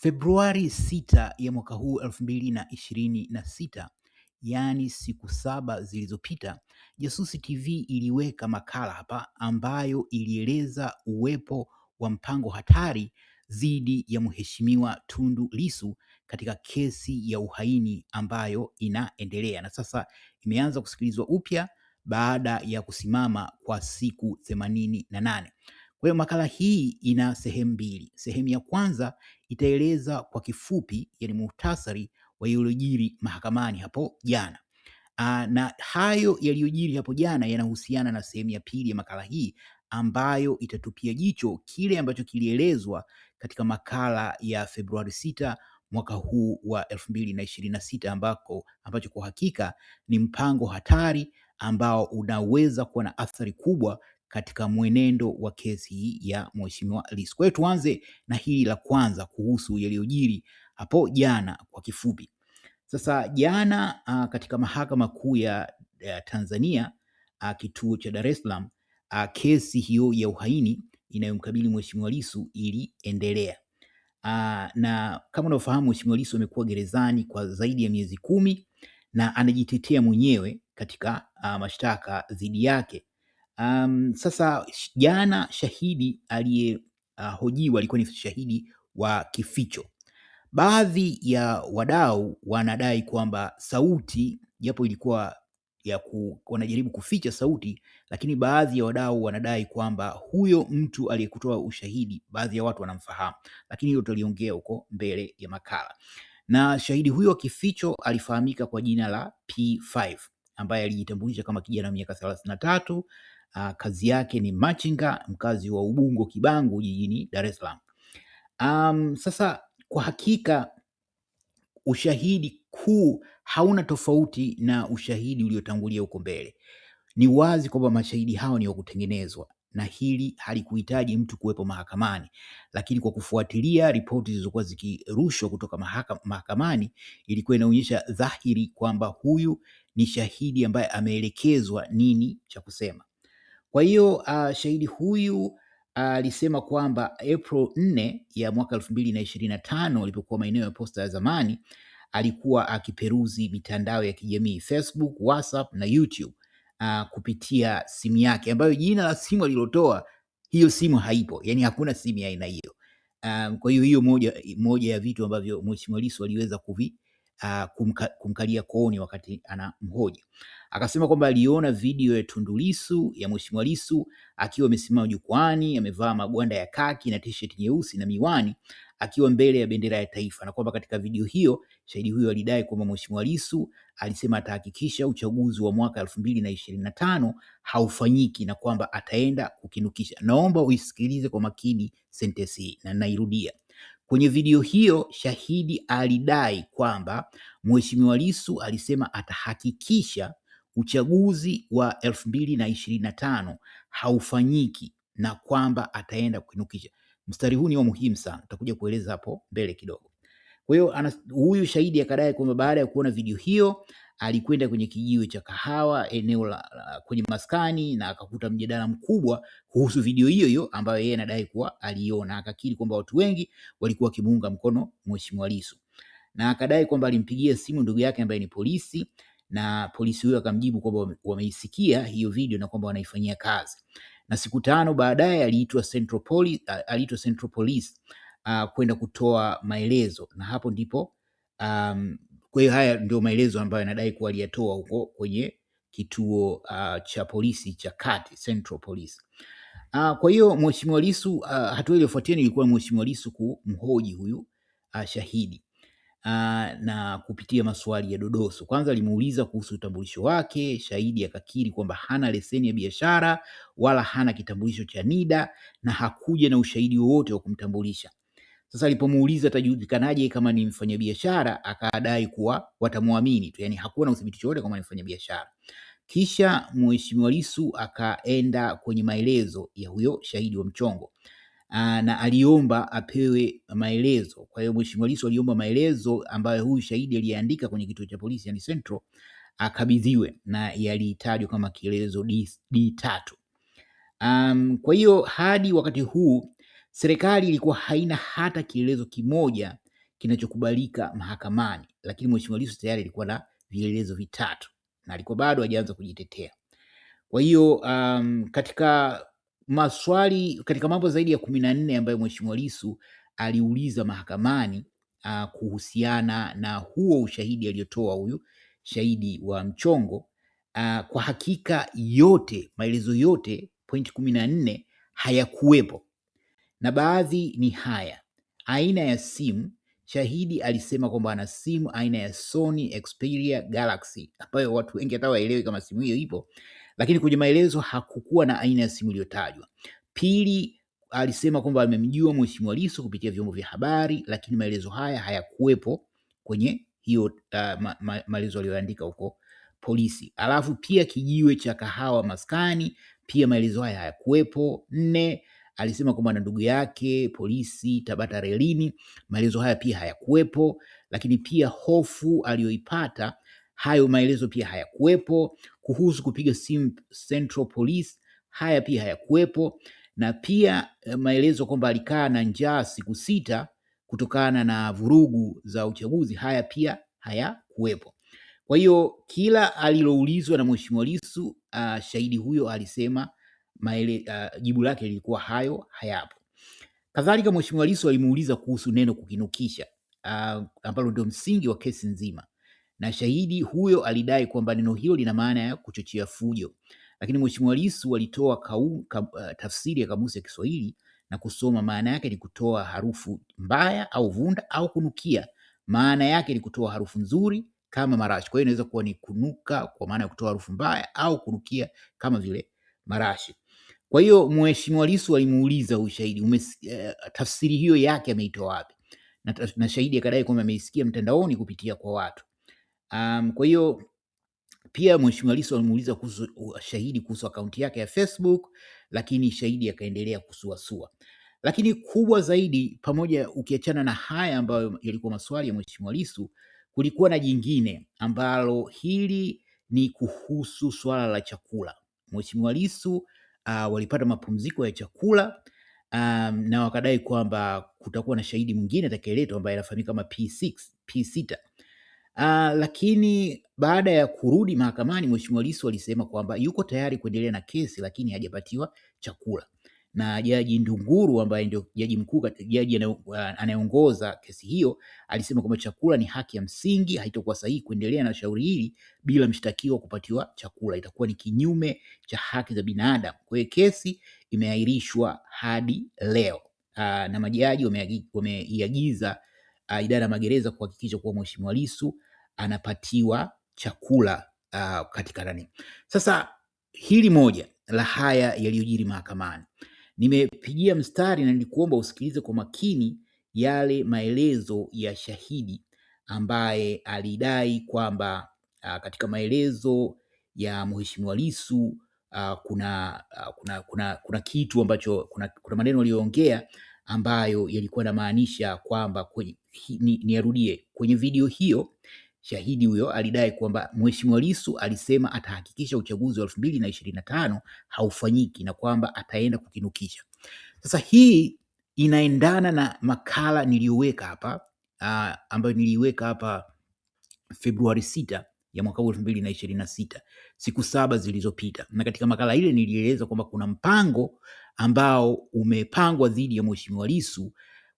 Februari 6 ya mwaka huu 2026, yaani siku saba zilizopita, Jasusi TV iliweka makala hapa ambayo ilieleza uwepo wa mpango hatari dhidi ya Mheshimiwa Tundu Lissu katika kesi ya uhaini ambayo inaendelea na sasa imeanza kusikilizwa upya baada ya kusimama kwa siku themanini na nane. Kwa hiyo makala hii ina sehemu mbili. Sehemu ya kwanza itaeleza kwa kifupi, yani muhtasari wa yaliyojiri mahakamani hapo jana. Aa, na hayo yaliyojiri hapo jana yanahusiana na sehemu ya pili ya makala hii ambayo itatupia jicho kile ambacho kilielezwa katika makala ya Februari sita mwaka huu wa elfu mbili na ishirini na sita ambako ambacho kwa hakika ni mpango hatari ambao unaweza kuwa na athari kubwa katika mwenendo wa kesi ya Mheshimiwa Lissu. Kwa hiyo tuanze na hili la kwanza kuhusu yaliyojiri hapo jana kwa kifupi. Sasa jana uh, katika Mahakama Kuu ya uh, Tanzania uh, kituo cha Dar es Salaam uh, kesi hiyo ya uhaini inayomkabili Mheshimiwa Lissu iliendelea. Uh, na kama unavyofahamu Mheshimiwa Lissu amekuwa gerezani kwa zaidi ya miezi kumi na anajitetea mwenyewe katika uh, mashtaka dhidi yake Um, sasa jana shahidi aliyehojiwa ah, uh, alikuwa ni shahidi wa kificho. Baadhi ya wadau wanadai kwamba sauti japo ilikuwa ya ku, wanajaribu kuficha sauti, lakini baadhi ya wadau wanadai kwamba huyo mtu aliyekutoa ushahidi baadhi ya watu wanamfahamu, lakini hilo tutaliongea huko mbele ya makala. Na shahidi huyo wa kificho alifahamika kwa jina la P5 ambaye alijitambulisha kama kijana miaka thelathini na tatu Uh, kazi yake ni machinga, mkazi wa Ubungo Kibangu jijini Dar es Salaam. Um, sasa kwa hakika ushahidi kuu hauna tofauti na ushahidi uliotangulia huko mbele. Ni wazi kwamba mashahidi hao ni wa kutengenezwa na hili halikuhitaji mtu kuwepo mahakamani, lakini kwa kufuatilia ripoti zilizokuwa zikirushwa kutoka mahaka, mahakamani ilikuwa inaonyesha dhahiri kwamba huyu ni shahidi ambaye ameelekezwa nini cha kusema. Kwa hiyo uh, shahidi huyu ah, alisema uh, kwamba April 4 ya mwaka elfu mbili na ishirini na tano alipokuwa maeneo ya posta ya zamani alikuwa akiperuzi mitandao ya kijamii Facebook, WhatsApp na YouTube uh, kupitia simu yake ambayo jina la simu alilotoa hiyo simu haipo, yani hakuna simu ya aina hiyo. Um, kwa hiyo hiyo moja, moja ya vitu ambavyo Mheshimiwa Lissu aliweza kuvi uh, kumka, kumkalia kooni wakati anamhoji. Akasema kwamba aliona video ya Tundu Lissu ya Mheshimiwa Lissu akiwa amesimama jukwani, amevaa magwanda ya kaki na t-shirt nyeusi na miwani akiwa mbele ya bendera ya taifa, na kwamba katika video hiyo shahidi huyo alidai kwamba Mheshimiwa Lissu alisema atahakikisha uchaguzi wa mwaka elfu mbili na ishirini na tano haufanyiki na kwamba ataenda kukinukisha. Naomba uisikilize kwa makini sentensi hii na nairudia. Kwenye video hiyo shahidi alidai kwamba Mheshimiwa Lissu alisema atahakikisha uchaguzi wa elfu mbili na ishirini na tano haufanyiki na kwamba ataenda kuinukisha Mstari huu ni wa muhimu sana, tutakuja kueleza hapo mbele kidogo. Kwa hiyo huyu shahidi akadai kwamba baada ya kuona video hiyo alikwenda kwenye kijiwe cha kahawa eneo la, la kwenye maskani na akakuta mjadala mkubwa kuhusu video hiyo hiyo ambayo yeye anadai kuwa aliona. Akakiri kwamba watu wengi walikuwa wakimuunga mkono Mheshimiwa Lissu, na akadai kwamba alimpigia simu ndugu yake ambaye ni polisi na polisi huyo akamjibu kwamba wameisikia hiyo video na kwamba wanaifanyia kazi. Na siku tano baadaye aliitwa Central Police, aliitwa Central Police uh, kwenda kutoa maelezo na hapo ndipo um, kwa hiyo haya ndio maelezo ambayo anadai kuwa aliyatoa huko kwenye kituo uh, cha polisi cha Kati, Central Police. Uh, kwa hiyo Mheshimiwa Lissu uh, hatua iliyofuatia ilikuwa Mheshimiwa Lissu kumhoji huyu uh, shahidi uh, na kupitia maswali ya dodoso. Kwanza alimuuliza kuhusu utambulisho wake. Shahidi akakiri kwamba hana leseni ya biashara wala hana kitambulisho cha NIDA na hakuja na ushahidi wowote wa kumtambulisha. Sasa alipomuuliza atajulikanaje kama ni mfanyabiashara, akadai kuwa watamwamini tu, yani hakuwa na uthibitisho wote kama ni mfanyabiashara. Kisha Mheshimiwa lisu akaenda kwenye maelezo ya huyo shahidi wa mchongo Aa, na aliomba apewe maelezo. Kwa hiyo Mheshimiwa lisu aliomba maelezo ambayo huyu shahidi aliandika kwenye kituo cha polisi yani Central akabidhiwe na yalitajwa kama kielezo D, D tatu. Um, kwa hiyo hadi wakati huu Serikali ilikuwa haina hata kielezo kimoja kinachokubalika mahakamani, lakini Mheshimiwa Lissu tayari alikuwa na vielelezo vitatu na alikuwa bado hajaanza kujitetea. Kwa hiyo um, katika maswali katika mambo zaidi ya kumi na nne ambayo Mheshimiwa Lissu aliuliza mahakamani uh, kuhusiana na huo ushahidi aliyotoa huyu shahidi wa mchongo uh, kwa hakika yote maelezo yote point kumi na nne hayakuwepo na baadhi ni haya: aina ya simu. Shahidi alisema kwamba ana simu aina ya Sony Xperia Galaxy ambayo watu wengi hata waelewi kama simu hiyo ipo, lakini kwenye maelezo hakukuwa na aina ya simu iliyotajwa. Pili, alisema kwamba amemjua Mheshimiwa Lissu kupitia vyombo vya habari, lakini maelezo haya hayakuwepo kwenye hiyo uh, ma, ma, maelezo aliyoandika huko polisi. Alafu pia kijiwe cha kahawa maskani, pia maelezo haya hayakuwepo. Nne, alisema kwamba na ndugu yake polisi Tabata relini. Maelezo haya pia hayakuwepo, lakini pia hofu aliyoipata, hayo maelezo pia hayakuwepo. Kuhusu kupiga simu Central Police, haya pia hayakuwepo, na pia eh, maelezo kwamba alikaa na njaa siku sita kutokana na vurugu za uchaguzi, haya pia hayakuwepo. Kwa hiyo kila aliloulizwa na Mheshimiwa Lissu, uh, shahidi huyo alisema maele, uh, ah, jibu lake lilikuwa hayo hayapo. Kadhalika, Mheshimiwa Lissu alimuuliza kuhusu neno kukinukisha, uh, ambalo ndio msingi wa kesi nzima, na shahidi huyo alidai kwamba neno hilo lina maana ya kuchochea fujo, lakini Mheshimiwa Lissu alitoa ka, uh, tafsiri ya kamusi ya Kiswahili na kusoma, maana yake ni kutoa harufu mbaya au vunda au kunukia, maana yake ni kutoa harufu nzuri kama marashi. Kwa hiyo inaweza kuwa ni kunuka kwa maana ya kutoa harufu mbaya au kunukia kama vile marashi. Kwa hiyo Mheshimiwa Lissu alimuuliza ushahidi uh, eh, tafsiri hiyo yake ameitoa wapi? Na, na shahidi akadai kwamba ameisikia mtandaoni kupitia kwa watu. Um, kwa hiyo pia Mheshimiwa Lissu alimuuliza kuhusu shahidi kuhusu akaunti yake ya Facebook, lakini shahidi akaendelea kusuasua. Lakini kubwa zaidi, pamoja ukiachana na haya ambayo yalikuwa maswali ya Mheshimiwa Lissu, kulikuwa na jingine ambalo hili ni kuhusu swala la chakula. Mheshimiwa Lissu uh, walipata mapumziko ya chakula um, na wakadai kwamba kutakuwa na shahidi mwingine atakayeletwa ambaye anafahamika kama P6, P6. Uh, lakini baada ya kurudi mahakamani Mheshimiwa Lissu alisema kwamba yuko tayari kuendelea na kesi, lakini hajapatiwa chakula na Jaji Ndunguru ambaye ndio jaji mkuu, jaji anayeongoza kesi hiyo, alisema kwamba chakula ni haki ya msingi, haitakuwa sahihi kuendelea na shauri hili bila mshtakiwa kupatiwa chakula, itakuwa ni kinyume cha haki za binadamu. Kwa hiyo kesi imeahirishwa hadi leo. Aa, ah, na majaji wameiagiza wame ah, idara ya magereza kuhakikisha kuwa Mheshimiwa Lissu anapatiwa chakula aa, ah, katika nani. Sasa hili moja la haya yaliyojiri mahakamani. Nimepigia mstari na nikuomba usikilize kwa makini yale maelezo ya shahidi ambaye alidai kwamba ah, katika maelezo ya Mheshimiwa Lissu ah, kuna, ah, kuna, kuna, kuna kitu ambacho kuna, kuna maneno aliyoongea ambayo yalikuwa yanamaanisha kwamba kwenye, ni, niyarudie kwenye video hiyo Shahidi huyo alidai kwamba Mheshimiwa Lissu alisema atahakikisha uchaguzi wa elfu mbili na ishirini na tano haufanyiki na kwamba ataenda kukinukisha. Sasa hii inaendana na makala niliyoweka hapa uh, ambayo niliiweka hapa Februari sita ya mwaka huu elfu mbili na ishirini na sita siku saba zilizopita, na katika makala ile nilieleza kwamba kuna mpango ambao umepangwa dhidi ya Mheshimiwa Lissu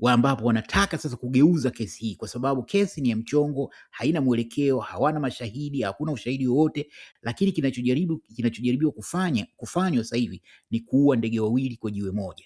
wa ambapo wanataka sasa kugeuza kesi hii kwa sababu kesi ni ya mchongo, haina mwelekeo, hawana mashahidi, hakuna ushahidi wowote, lakini kinachojaribu kinachojaribiwa kufanya kufanywa sasa hivi ni kuua ndege wawili kwa jiwe moja,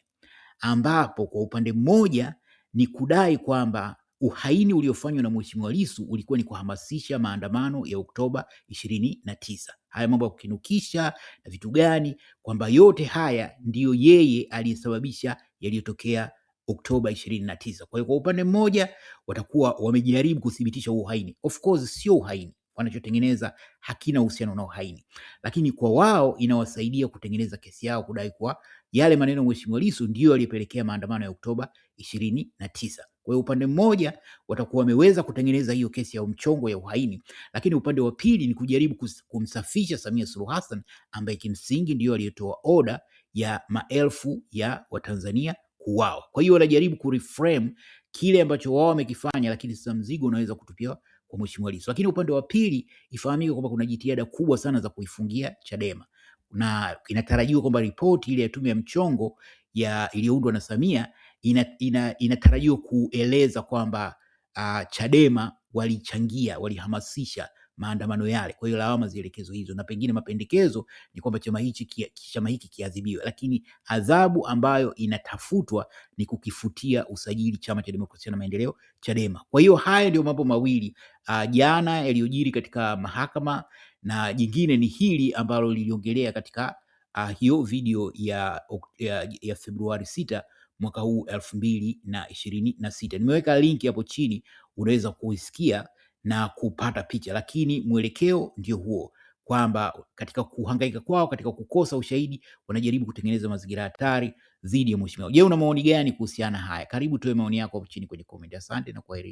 ambapo kwa upande mmoja ni kudai kwamba uhaini uliofanywa na Mheshimiwa Lissu ulikuwa ni kuhamasisha maandamano ya Oktoba ishirini na tisa. Haya mambo ya kukinukisha na vitu gani, kwamba yote haya ndiyo yeye aliyesababisha yaliyotokea Oktoba 29. Kwa hiyo kwa upande mmoja watakuwa wamejaribu kuthibitisha uhaini. Of course sio uhaini, wanachotengeneza hakina uhusiano na uhaini, lakini kwa wao inawasaidia kutengeneza kesi yao kudai kuwa yale maneno Mheshimiwa Lissu ndiyo yaliyopelekea maandamano ya Oktoba ishirini na tisa. Kwa hiyo upande mmoja watakuwa wameweza kutengeneza hiyo kesi ya mchongo ya uhaini, lakini upande wa pili ni kujaribu kumsafisha Samia Suluhu Hassan ambaye kimsingi ndiyo aliyetoa oda ya maelfu ya Watanzania kuwawa. Kwa hiyo wanajaribu kureframe kile ambacho wao wamekifanya, lakini sasa mzigo unaweza kutupia kwa Mheshimiwa Lissu. Lakini upande wa pili, ifahamike kwamba kuna jitihada kubwa sana za kuifungia Chadema na inatarajiwa kwamba ripoti ile ya tume ya mchongo ya iliyoundwa na Samia ina, ina, inatarajiwa kueleza kwamba uh, Chadema walichangia, walihamasisha maandamano yale. Kwa hiyo lawama zielekezo hizo, na pengine mapendekezo ni kwamba chama hichi chama hiki kiadhibiwe, lakini adhabu ambayo inatafutwa ni kukifutia usajili chama cha demokrasia na maendeleo Chadema. Kwa hiyo haya ndio mambo mawili uh, jana yaliyojiri katika mahakama na jingine ni hili ambalo liliongelea katika uh, hiyo video ya, ya, ya Februari sita mwaka huu elfu mbili na ishirini na sita. Nimeweka linki hapo chini, unaweza kuisikia na kupata picha, lakini mwelekeo ndio huo kwamba katika kuhangaika kwao, katika kukosa ushahidi, wanajaribu kutengeneza mazingira hatari dhidi ya mheshimiwa. Je, una maoni gani kuhusiana haya? Karibu tuwe maoni yako chini kwenye comment. Asante na kwaheri.